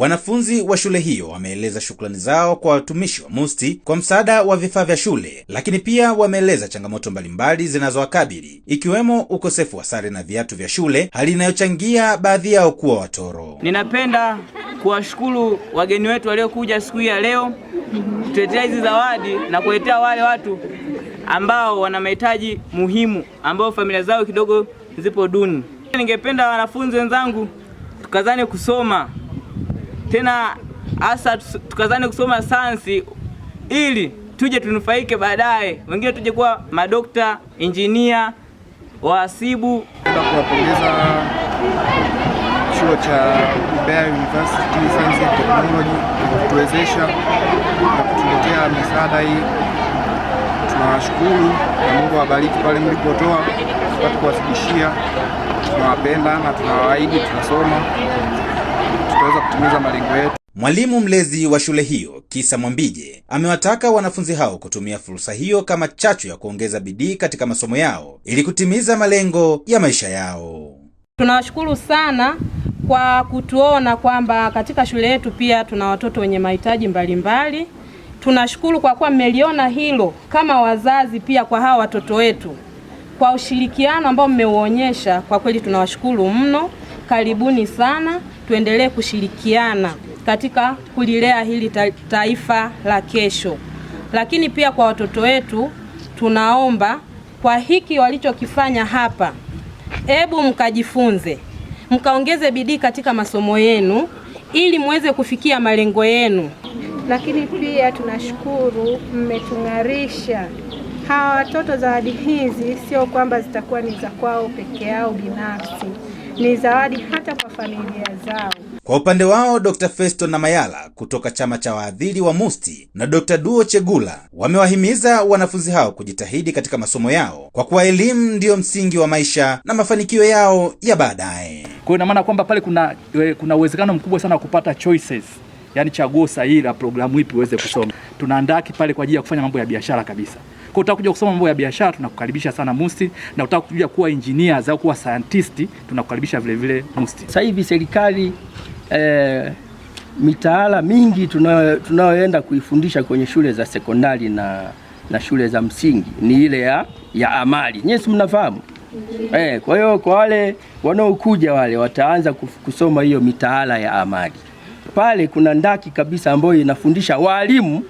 Wanafunzi wa shule hiyo wameeleza shukrani zao kwa watumishi wa MUST kwa msaada wa vifaa vya shule, lakini pia wameeleza changamoto mbalimbali zinazowakabili ikiwemo ukosefu wa sare na viatu vya shule, hali inayochangia baadhi yao kuwa watoro. Ninapenda kuwashukuru wageni wetu waliokuja siku hii ya leo kutetea hizi zawadi na kuletea wale watu ambao wana mahitaji muhimu ambao familia zao kidogo zipo duni. Ningependa wanafunzi wenzangu tukazane kusoma tena hasa tukazane kusoma sayansi ili tuje tunufaike baadaye, wengine tuje kuwa madokta, injinia, wahasibu. Kuwapongeza chuo cha Mbeya University Science and Technology kwa kutuwezesha na kutuletea misaada hii. Tunawashukuru na Mungu awabariki pale mlipotoa tupate kuwafikishia. Tunawapenda na tunawaahidi tunasoma tutaweza kutimiza malengo yetu. Mwalimu mlezi wa shule hiyo Kisa Mwambije amewataka wanafunzi hao kutumia fursa hiyo kama chachu ya kuongeza bidii katika masomo yao ili kutimiza malengo ya maisha yao. Tunawashukuru sana kwa kutuona kwamba katika shule yetu pia tuna watoto wenye mahitaji mbalimbali. Tunashukuru kwa kuwa mmeliona hilo kama wazazi pia kwa hawa watoto wetu, kwa ushirikiano ambao mmeuonyesha, kwa kweli tunawashukuru mno. Karibuni sana tuendelee kushirikiana katika kulilea hili taifa la kesho. Lakini pia kwa watoto wetu tunaomba kwa hiki walichokifanya hapa, ebu mkajifunze, mkaongeze bidii katika masomo yenu ili muweze kufikia malengo yenu. Lakini pia tunashukuru mmetung'arisha hawa watoto. Zawadi hizi sio kwamba zitakuwa ni za kwao peke yao binafsi ni zawadi hata kwa familia zao. Kwa upande wao Dr. Festo na Mayala kutoka chama cha waadhiri wa Musti na Dr. Duo Chegula wamewahimiza wanafunzi hao kujitahidi katika masomo yao kwa kuwa elimu ndiyo msingi wa maisha na mafanikio yao ya baadaye. Kwa hiyo maana kwamba pale kuna eh, kuna uwezekano mkubwa sana wa kupata choices, yani chaguo sahihi la programu ipi uweze kusoma. Tunaandaa kipale kwa ajili ya kufanya mambo ya biashara kabisa. Kwa utakuja kusoma mambo ya biashara, tunakukaribisha sana Musti, na utakuja kuwa engineer za kuwa scientist, tunakukaribisha vile vile Musti. Sasa hivi serikali eh, mitaala mingi tunayoenda kuifundisha kwenye shule za sekondari na, na shule za msingi ni ile ya, ya amali. nyesi mnafahamu eh. Kwa hiyo kwa wale wanaokuja wale wataanza kusoma hiyo mitaala ya amali. Pale kuna ndaki kabisa ambayo inafundisha walimu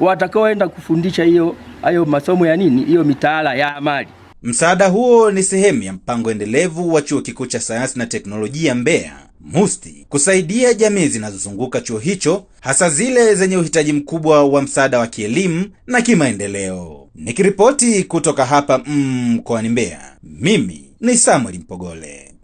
watakaoenda kufundisha hiyo hayo masomo ya nini, hiyo mitaala ya amali. Msaada huo ni sehemu ya mpango endelevu wa Chuo Kikuu cha Sayansi na Teknolojia Mbeya MUSTI kusaidia jamii zinazozunguka chuo hicho hasa zile zenye uhitaji mkubwa wa msaada wa kielimu na kimaendeleo. Nikiripoti kutoka hapa mm, mkoani mm, Mbeya, mimi ni Samwel Mpogole.